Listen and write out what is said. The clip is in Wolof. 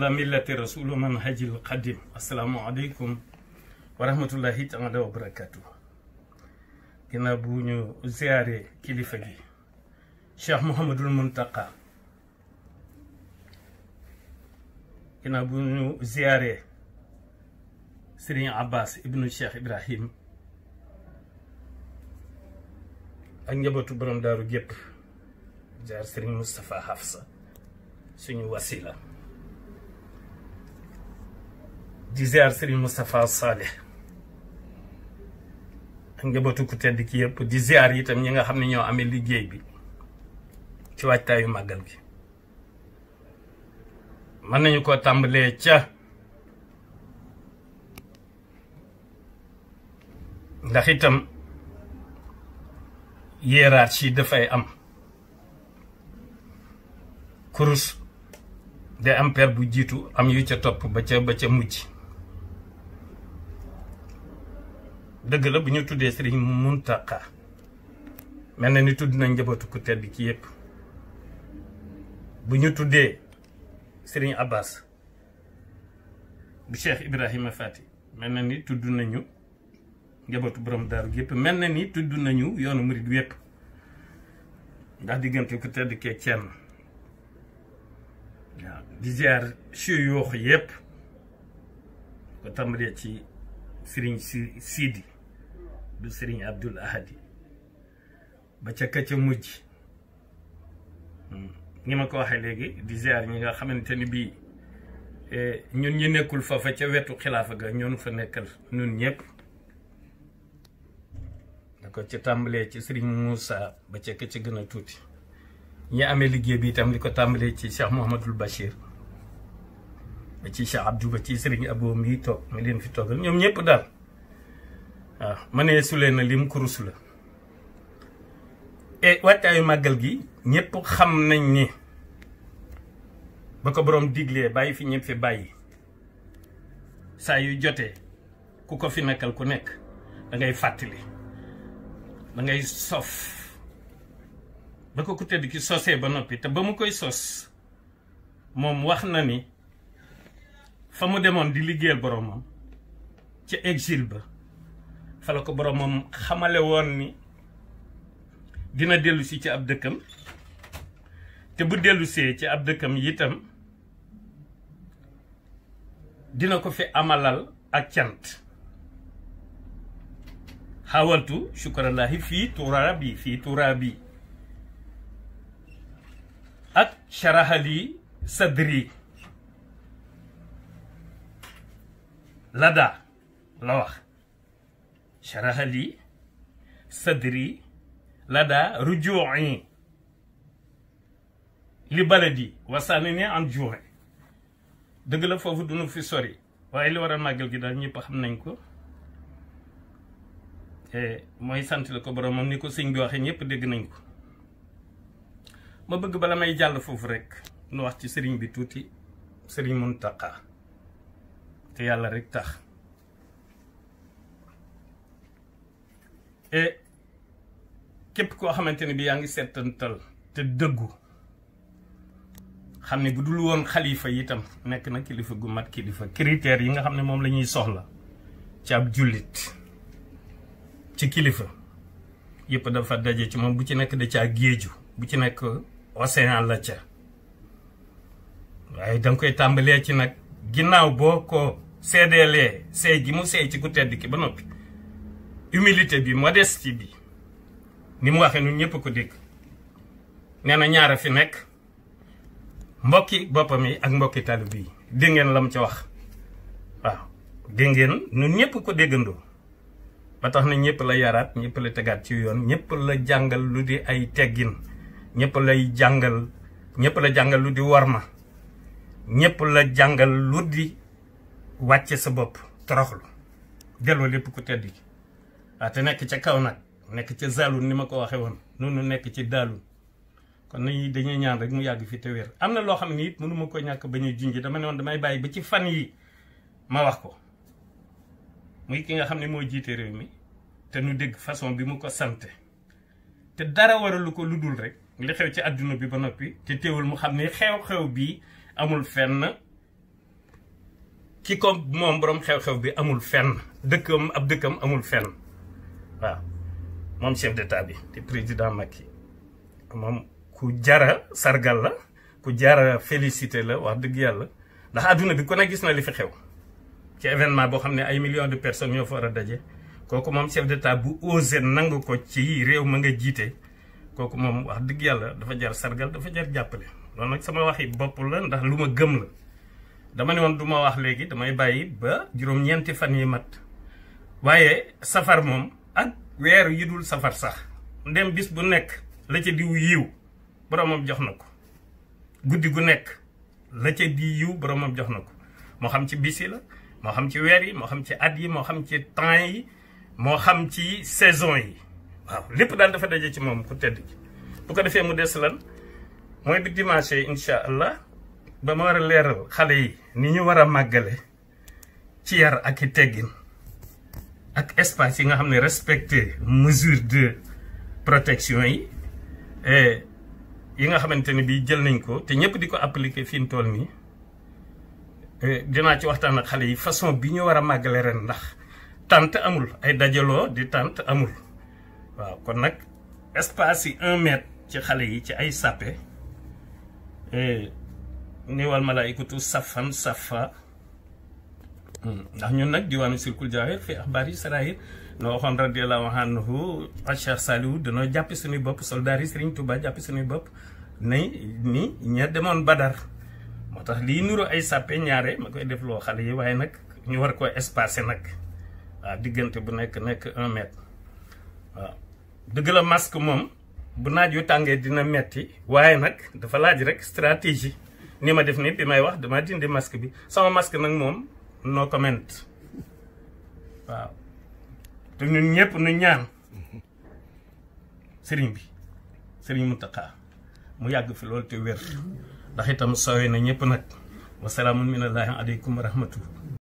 ala millati rasulu manhajil qadim asalaamu aleykum wa rahmatullahi taala wa barakatu ginnaaw bu ñu ziyaare kilifa gi cheikh mouhamadul muntaqa ginnaaw bu ñu ziyaare sëriñ abbas ibnu cheikh ibrahim ak njabootu borom daaru gépp jaar sëriñ moustapha hafsa suñu wasila di ziar Serigne Moustapha Saleh ak njabootu tedd ki yëpp di ziar itam ñi nga xam ne ñoo amee liggéey bi ci waajtaayu màggal gi mën nañu ko tàmbalee ca ndax itam hiérarchie dafay am kurus de am père bu jiitu am yu ca topp ba ca ba ca mujj dëgg la bu ñu tuddee sëriñ Muntaqa mel na ni tudd nañ njabootu ku tedd ki yëpp bu ñu tuddee sëriñ Abbas bu Cheikh Ibrahima Fati mel na ni tudd nañu njabootu borom daaru yëpp mel na ni tudd nañu yoonu murid yëpp ndax diggante ku tedd kee cenn waaw di ziar siyoox yëpp ko tàmbalee ci sëriñ si siidi du Serigne Abdul Ahadi ba ca ka ca mujj hmm. ni ma ko waxee léegi di ziar ñi nga xamante ni bii eh, ñun ñu nekkul fa fa ca wetu xilaafa ga ñoon fa nekkal ñun ñëpp da ko ca tàmbalee ci sëriñ Moussa ba ca ka ca gën a tuuti ñi amee liggéey bi itam di ko tàmbalee ci Cheikh Mouhamadul Bachir ba ci Cheikh Abdou ba ci sëriñ Abo mii toog mi leen fi toogal ñoom ñëpp daal waaw ah, ma ne sulee na lim kurus la e waajtaayu màggal gi ñépp xam nañ ni ba ko boroom diglee bàyyi fi ñëpp fi bàyyi saa yu jotee ku ko fi nekkal ku nekk dangay fàttali da ngay sof ba ko ku tëdd ki sosee ba noppi te ba mu koy sos moom wax na ni fa mu demoon di liggéeyal boroomam ca exil ba fa la ko boromam xamale woon ni dina dellusi ci ab dëkkam te bu dellusee ci ab dëkkam yitam dina ko fi amalal ak cant xawaltu shukrallaahi fii turaabi fii bi ak sharahali sadri lada la wax sharaha li sadri lada rujui li baladi wasaani ne an juuxe dëgg la foofu dunu fi sori waaye li waral màggal gi daal ñëpp xam nañ ko mooy sant la ko boromam ni ko sëñ bi waxee ñëpp dégg nañ ko ma bëgg bala may jàll foofu rekk nu wax ci sëriñ bi tuuti sëriñ Muntaqa te yàlla rekk tax E, képp koo xamante ne bi yaa ngi seetantal te dëggu xam ne bu dul woon xalifa itam nekk na kilifa gu mat kilifa critères yi nga xam ne moom lañuy soxla ci ab jullit ci kilifa yépp dafa daje ci moom bu ci nekk de ci ak géeju bu ci nekk océan la ca waaye danga koy tàmbalee ci nag ginnaaw boo ko seedeelee seey gi mu seey ci ku tedd ki ba noppi humilité bi modestie bi ni mu waxee nu ñëpp ko dégg nee na ñaara fi nekk mbokki boppam yi ak mbokki talib bii dégg la mu ca wax waaw dégg ngeen ñun ñëpp ko déggandoo ba tax na ñëpp la yaraat ñëpp la tegaat ci yoon ñëpp la jàngal lu di ay teggin ñëpp lay jàngal ñëpp la jàngal lu di ma ñëpp la jàngal lu di wàcce sa bopp toroxlu delloo lépp ku tedd gi waate ah, te nekk ca kaw nag nekk ca zalun ni ma ko waxee woon noonu nekk ci daalun kon nañu dañuy ñaan rek mu yàgg fi te am na loo xam ni it mënu ko ñàkk ba ñuy junj dama ne woon damay bàyyi ba ci fan yi ma wax ko muy ki nga xam ne moo jiite réew mi te nu dégg façon bi mu ko sante te dara waralu ko lu dul rek li xew ci àdduna bi ba noppi te teewul mu xam ni xew-xew bii amul fenn ki ko moom boroom xew-xew bi amul fenn dëkkam ab dëkkam amul fenn waaw moom chef d'état bi di président Macky moom ku jara sargal la ku jara félicité la wax dëgg yàlla ndax àdduna bi kon ne gis na li fi xew ci événement boo xam ne ay millions de personnes yoo fa war a daje kooku moom chef d'état bu osé nangu ko ci réew ma nga jiite kooku moom wax dëgg yàlla dafa jar sargal dafa jar jàppale loolu nag sama wax waxi bopp la ndax lu ma gëm la dama ne woon du ma wax léegi damay bàyyi ba juróom-ñeenti fan yi mat waaye safar ak weer yi dul safar sax ndem bis bu nekk la ca diw yiw boromam jox na ko guddi gu nekk la ca di yiw boromam jox na ko moo xam ci bis yi la moo xam ci weer yi moo xam ci at yi moo xam ci temps yi moo xam ci saison yi waaw lépp daal dafa daje ci moom ku tedd ji bu ko defee mu des lan mooy bi dimanche incha allah ba ma war a leeral xale yi ni ñu war a màggale ci yar ak i teggin ak espace yi nga xam ne respecte mesure de protection yi eh, yi nga xamante ne bii jël nañ ko te ñëpp di ko appliquer fii mu toll nii eh, dinaa ci waxtaan ak xale yi façon bi ñu war a màggale ren ndax tant amul ay dajaloo di tant amul waaw kon nag espace yi un mètre ci xale yi ci ay sàppe eh, niwal malaayikatu safan safa ndax ñun nag diwaanu sirkul jaawir fi axbaar yi saraayir noo waxoon radiallahu anhu Cheikh Saliou danoo jàppi suñuy bopp soldaar yi Serigne Touba jàppi suñuy bopp ni ni ña demoon Badar moo tax lii nuru ay sàppe ñaare ma koy def loo xale yi waaye nag ñu war koo espacé nag waaw diggante bu nekk nekk un mètre waaw dëgg la masque moom bu naaj yu tàngee dina metti waaye nag dafa laaj rek stratégie nii ma def nii bi may wax damaa dindi masque bi sama masque nag moom no comment waaw te ñun ñëpp nu ñaan sëriñ bi sëriñ Mountakha mu yàgg fi loolu te wér ndax itam sooy na ñëpp nag wasalaamun minallaahi aleykum wa rahmatulah